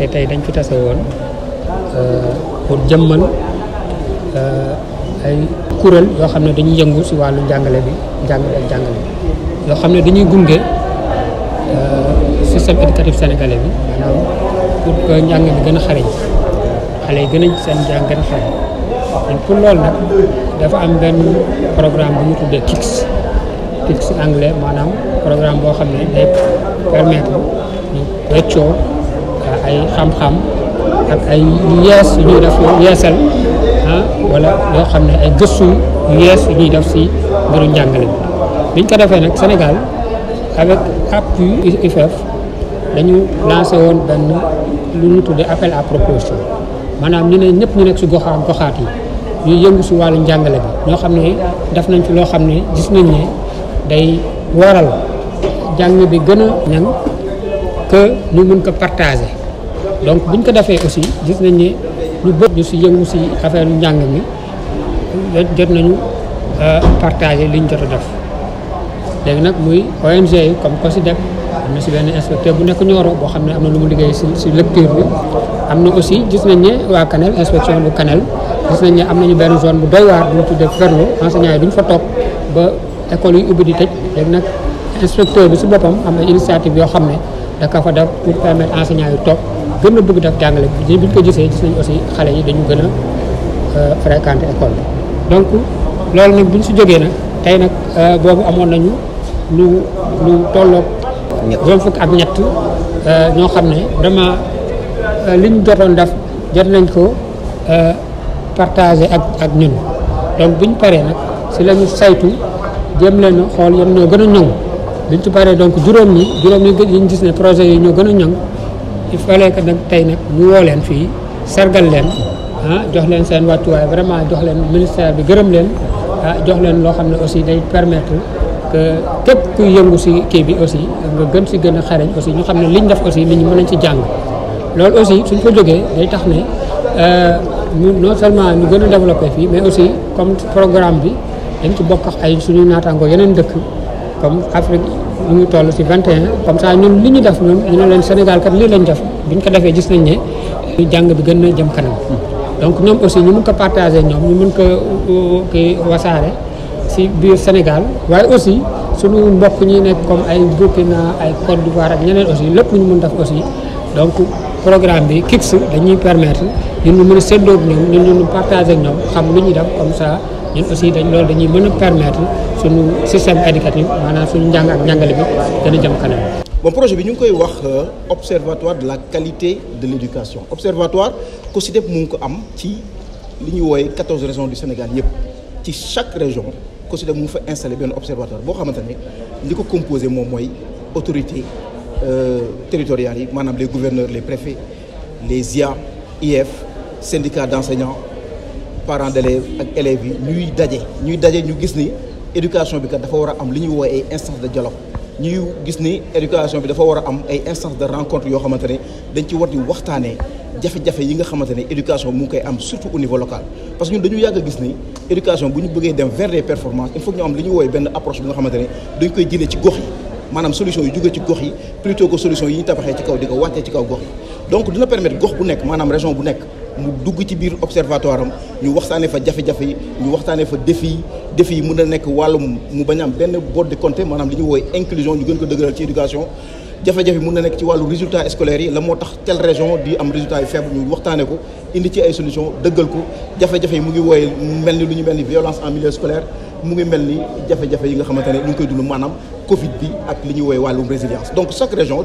te tey dañ fi tase woon euh, pour jëmmal euh, ay kuréel yoo xam ne dañuy yëngu si wàllu njàngale bi njàngale ak bi yoo xam ne dañuy gunge euh, système éducatif sénégalais bi maanaam pour que bi gën a xarañ xale yi gën a seen njàng a xarañ pour nag dafa am benn programme bu ñu tuddee KICS KICS anglais maanaam programme boo xam ne day permettre ñu ay xam-xam ak ay yees yu def yeesal wala loo xam ne ay gëstu yu yees yu def si mbiru njàngale biñ ko defee nag Sénégal avec appui IFF dañu lancé woon benn lu ñu tuddee appel à proposition maanaam ñu ne ñëpp ñu nekk si goxa goxaat yi ñuy yëngu si wàllu njàngale bi ñoo xam ne def nañ ci loo xam gis nañ ne day waral jàng bi gën ñang que ñu mën ko partager donc buñ ko defee aussi gis nañ ni ñu bëgg ñu ci yëngu ci affaire ñang mi jot nañu euh partager liñ jot def légui nak muy ONG comme ko ci def am na si benn inspecteur bu nek ñoro bo xamné ne am na lu mu liggéey ci si lecture bi am na aussi gis nañ ni wa canal inspection bu canal gis nañ ni am nañu ben zone bu doy war bu ñu tuddee ferlo enseignant yi duñ fa top ba école yi ubbi di tej légui nak inspecteur bi ci bopam am na initiative yo xamné da ka fa def pour permettre enseignant yi top gën a bëgg daf jàngale bi ñu ko gisee gis nañ aussi xale yi dañu gën a euh, fréquenté école bi donc loolu nag bu ñu si jógee nag tey nag euh, boobu amoon nañu lu lu tolloog juróom fukk ak ñett euh, ñoo xam ne vraiment li ñu jotoon daf jot nañ ko partagé ak ak ñun donc bu ñu paree nag si la ñu saytu jéem leen xool yan ñoo gën a ñoŋ bi ñu ci paree donc juróom ñi juróom ñi gis ne projet yi ñoo gën a ñoŋ il fallait que nag tey nag mu woo leen fii sargal leen ah jox leen seen wàccuwaay vraiment jox leen ministère bi gërëm leen ah jox leen loo xam ne aussi day permettre que képp yëngu si kii bi aussi nga gën si gën a xarañ aussi ñu xam ne liñ def aussi nit ñi mën a si jàng loolu aussi suñ ko jógee day tax ne euh, ñu non seulement ñu gën a développé fii mais aussi comme programme bi dañ ci bokk ay suñu naataangoo yeneen dëkk comme Afrique. ñu ngi toll ci 21 comme ça ñun li ñu def ñun ñu ne leen Sénégal kat lii lañ def biñ ko defee gis nañ ne jàng bi gën na jëm kanam donc ñoom aussi ñu mën ko partager ñoom ñu mun ko euh, kii wasaare ci biir Sénégal waaye aussi suñu mbokk ñi nekk comme ay Burkina ay Côte d'Ivoire ak ñeneen aussi lépp ñu mun def aussi donc programme bi KIX dañuy permettre ñun ñu mën a séddoo ak ñoom ñun ñu partager ñoom xam lu ñuy def comme ça ñun aussi dañ loolu dañuy mën a permettre suñu système éducatif maanaam suñu njàng ak njàngale bi dana jëm kanam. bon projet bi ñu ngi koy wax euh, observatoire de la qualité de l' éducation observatoire COSYDEP mu ngi ko am ci li ñuy régions du Sénégal yëpp ci chaque région COSYDEP mu ngi fa installé benn observatoire boo xamante ne li ko composé moom mooy euh, territoriales yi les gouverneurs les préfets les IA IF syndicats d'enseignants, parents d'élèves ak élèves yi ñuy daje ñuy dajé ñu gis ni éducation bi ka dafa wara am liñu ñuy ay instance de dialogue ñuy gis ni éducation bi dafa wara am ay instance de rencontre yo xamanteni dañ ci wati waxtané jafé jafé yi nga xamanteni éducation mu koy am surtout au niveau local parce que ñun dañu yagg gis ni éducation bu ñu bëggee dem vers des performances il faut ñu am liñu ñu woowee benn approche bi nga xamanteni dañ koy jëlee ci gox yi manam solution yu jugé ci gox yi plutôt que solution yi ñu tabaxee ci kaw di ko wàccee ci kaw gox yi donc dina permettre gox bu nek manam région bu nek mu dugg ci observatoire am ñu fa jafe-jafe yi ñu fa défi défi a nekk wàllum mu bañ am de maanaam li inclusion ñu gën ko dëgëral ci éducation jafe-jafe scolaire yi la moo telle région di am résultat yu faible ñu ko indi ci solution dëggal ko jafe-jafe mu ngi violence en milieu scolaire mu ngi mel ni Covid bi ak résilience donc chaque région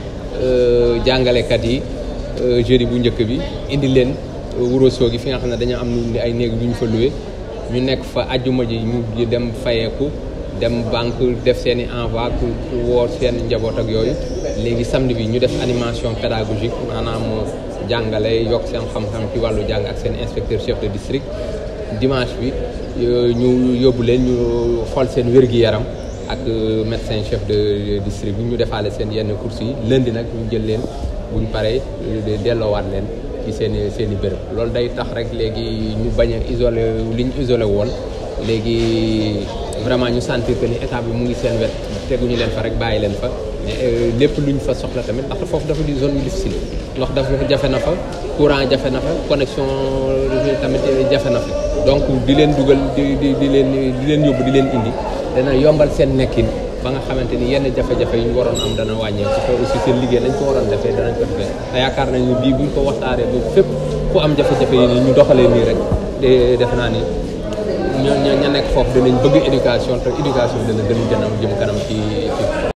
Euh, jàngalekat yi euh, jeudi bu njëkk bi indi leen euh, Wuro Sogi fi nga xam ne dañoo am ay néeg yu ñu fa loué ñu nekk fa ajuma ji ñu dem fayeeku dem banque def seen i envoi pour woor seen njaboot ak yooyu léegi samedi bi ñu def animation pédagogique maanaam jàngale yokk seen xam-xam ci wàllu jàng ak seen inspecteur chef de district dimanche bi ñu yóbbu leen ñu xool seen wér-gi-yaram ak euh, médecin chef de district bi ñu defaale seen yenn course yi lundi nag ñu jël leen buñ paree delloowaat leen ci seen i seen i bërëb loolu day tax rek léegi ñu bañ a isolé li isolé woon léegi vraiment ñu sentir que ni état bi mu ngi seen wet teguñu leen fa rek bàyyi leen fa mais euh, lépp luñ fa soxla tamit ndax foofu dafa di zone yu difficile ndox dafa jafe na fa courant jafe na fa connexion tamit jafe na donc di leen dugal di di di leen di leen yóbbu di leen indi dana yombal seen nekkin ba nga xamante ni yenn jafe-jafe yu ñu waroon am dana wàññeeku te aussi seen liggéey nañ ko waroon defee danañ ko defee te yaakaar nañ ni bii buñ ko waxtaaree ba fépp ku am jafe-jafe yi ñu doxalee nii rek defe naa ni ñoo nekk foofu dinañ bëgg éducation te éducation dina gën a kanam ci.